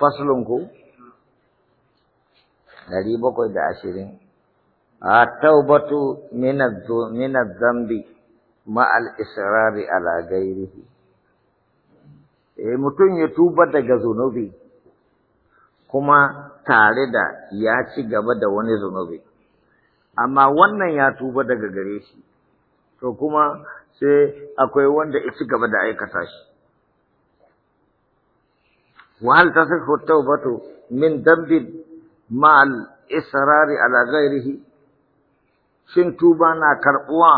faslun ku dari bakwai da ashirin a taubatu minaz zambi ma'al israri ala gairihi eh mutum ya tuba daga zunubi kuma tare da ya ci gaba da wani zunubi amma wannan ya tuba daga gare shi to kuma sai akwai wanda ya ci gaba da aikata shi وهل تصح التوبة من ذنب مع الإصرار على غيره shin tuba na karɓuwa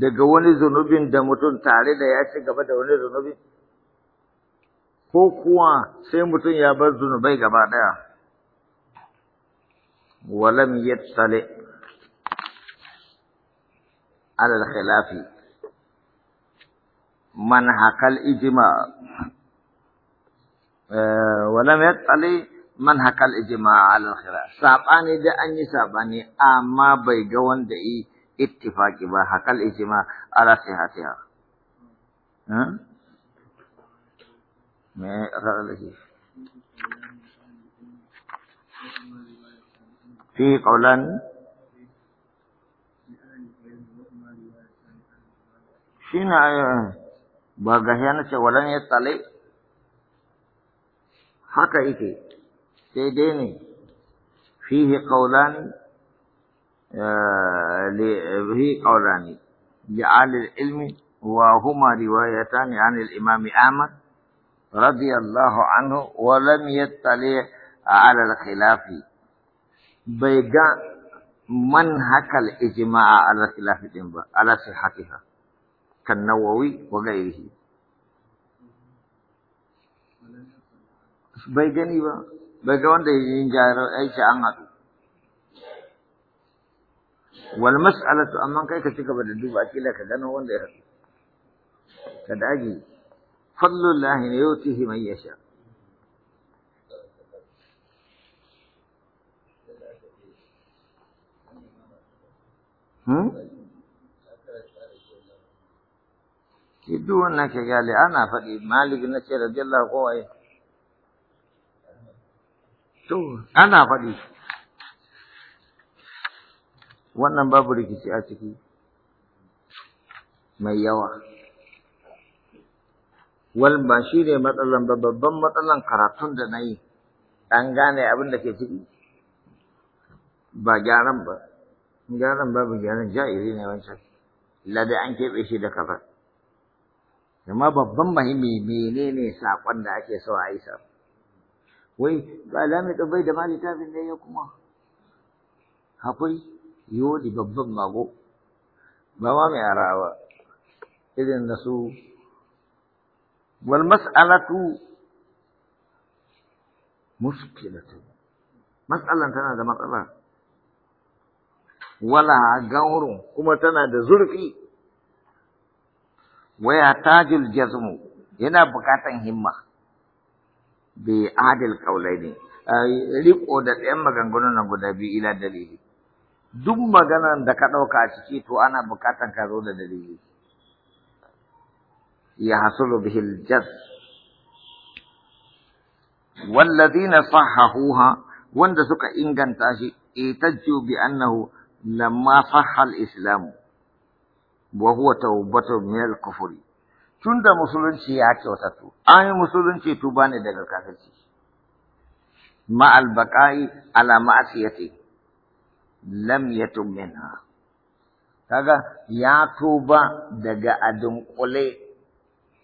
daga wani zunubin da mutum tare da ya ci gaba da wani zunubi, ko kuwa sai mutum ya bar zunubai gabaɗaya? ɗaya walam yattali alal khilafi man hakal ijma' ولم eh, يطلع man hakal ijma'a al khira sabani da an yi sabani amma bai ga wanda yi ittifaqi ba hakal ijma' ala sihatiha ha eh? me fi qawlan shine haka yake sai dai ne fihi qawlani لأهل العلم وهما روايتان عن الإمام أحمد رضي الله عنه ولم يطلع على الخلاف من منهك الإجماع على الخلاف على صحتها كالنووي وغيره bai gani ba bai ga wanda ya yi jarar aiki an haɗu wal mas'alatu amma kai ka cika da duba kila ka gano wanda ya haɗu ka dage fadlullahi ne yutihi mai yasha hmm? duk wannan ka gale ana faɗi malik na ce da jallar kowaye To, ana faɗi. Wannan babu rikici a ciki mai yawa. Wal ba shi ne matsalan ba babban matsalan karatun da na yi, an gane abin da ke ciki, ba gyaran ba, gyaran babu gyaran ja'iri ne wancan, lada an keɓe shi da kafa. Amma babban mahimmi menene saƙon da ake so a isa. wai ba alami ɗin bai da ma littafin ne ya kuma hakuri yodi babban mago ba ma mai arawa irin na su wal mas'alatu mushkilatu mas'alan tana da matsala wala gaurun kuma tana da zurfi waya tajul jazmu yana bukatan himma بعد القولين آه، ريقو دا ديما غنغونو نغو دبي الى دليل دوم مغانن دا كدوكا سيكي تو انا دا دليل يحصل به الجد والذين صححوها وند سوكا انغانتا شي ايتجو بانه لما صح الاسلام وهو توبة من الكفر tun da musulunci ya kyautatu an yi musulunci tuba ne daga kafirci ma albaqai ala ma'asiyati lam yatum minha kaga ya tuba daga adunkule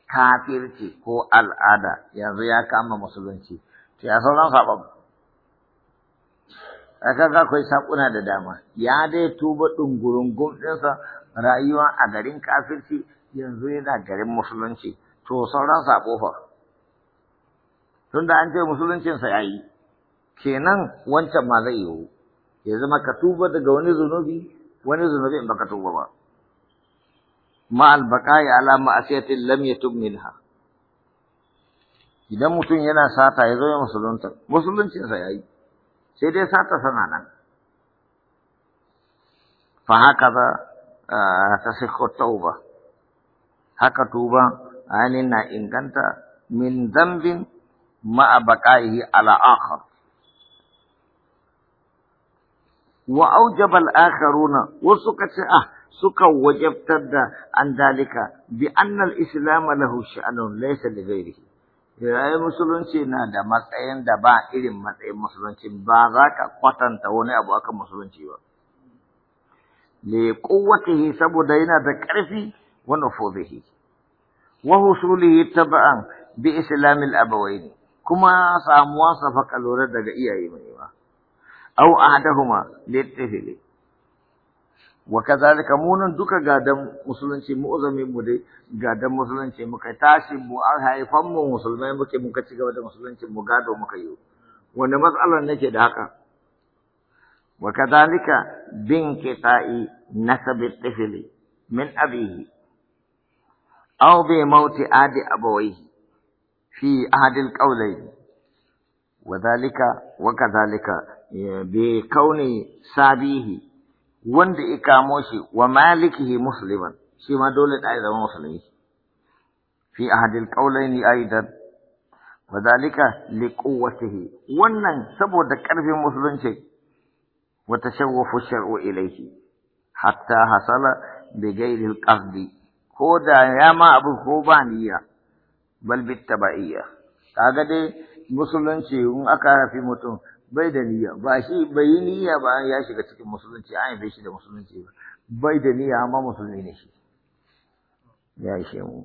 kafirci ko al'ada yanzu ya kama musulunci to ya sauran sabon kaga koi sakuna da dama ya dai tuba ɗungurungun ɗinsa rayuwa a garin kafirci yanzu yana garin musulunci to sauran sa kofar tunda an ce musuluncinsa ya yi kenan wancan ma zai yiwu ya zama ka tuba daga wani zunubi wani zunubi in baka tuba ba ma albaqai ala ma'asiyatin lam yatub minha idan mutum yana sata ya zo musulunta musuluncinsa ya yi sai dai sata sana nan Ba haka ah, sai ko tauba haka tuba ainihin na inganta min zambin ma'a baƙa'ihi ala akhar wa aujaba al-akharuna wasu suka ce ah suka wajabtar da an dalika bi anna al-islam lahu sha'anun laysa li ghairihi yayi musulunci na da matsayin da ba irin matsayin musulunci ba za ka kwatanta wani abu akan musulunci ba li quwwatihi saboda yana da ƙarfi ونفوذه وحصوله تبعا بإسلام الأبوين كما ساموا صفق الورد إياه منهما أو أحدهما للطفل وكذلك مونا دوكا قادم مسلمشي مؤذمي مدي قادم مسلمشي مكتاشي مؤهاي فمو مسلمي مكي مكتشي قادم مسلمشي مقادو مكيو وانا مسألة نكي دهكا وكذلك بانقطاع نسب الطفل من أبيه أو بموت أحد أبويه في أحد القولين وذلك وكذلك بكون سابيه وند إكاموشي ومالكه مسلما شما دولة أيضا مسلم في أحد القولين أيضا وذلك لقوته ونن سبو دكر في مسلم وتشوف الشرع إليه حتى حصل بغير القصد ko da ya ma abu ko ba niyya bal bittaba'iyya kaga dai musulunci in aka haifi mutum bai da niyya ba shi bai yi niyya ba ya shiga cikin musulunci an yi shi da musulunci ba bai da niyya amma musulmi ne shi ya ishe mu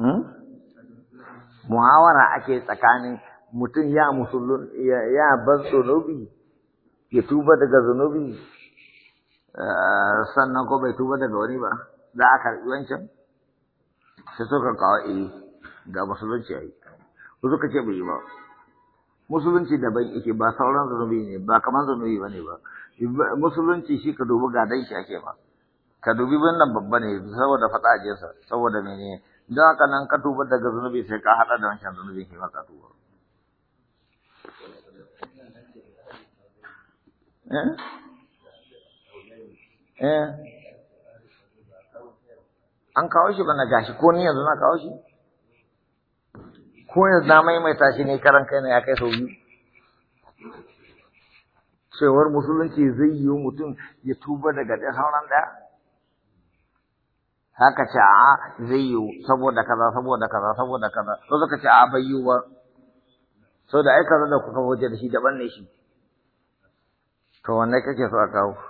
hmm? muhawara ake tsakanin mutum ya musulun ya bar zunubi ya tuba daga zunubi sannan ko bai tuba daga wani ba za a karɓi wancan sai suka kawo eh ga musulunci a yi suka ce bai yi ba musulunci daban yake ba sauran zunubi ne ba kamar zunubi ba ne ba musulunci shi ka dubi gadon shi ake ba ka dubi wannan babba ne saboda fatajinsa saboda mene don haka nan ka tuba daga zunubi sai ka haɗa da wancan zunubin shi maka ka tuba eh eh an kawo shi bana gashi ko ni yanzu na kawo shi ko yanzu na maimaita shi ne karan kai na ya kai sau biyu cewar musulunci zai yi mutum ya tuba daga ɗaya sauran ɗaya haka ce a zai yi saboda kaza saboda kaza saboda kaza to suka ce a bai yi ba da ai kaza da kuka waje da shi daban ne shi to wanne kake so a kawo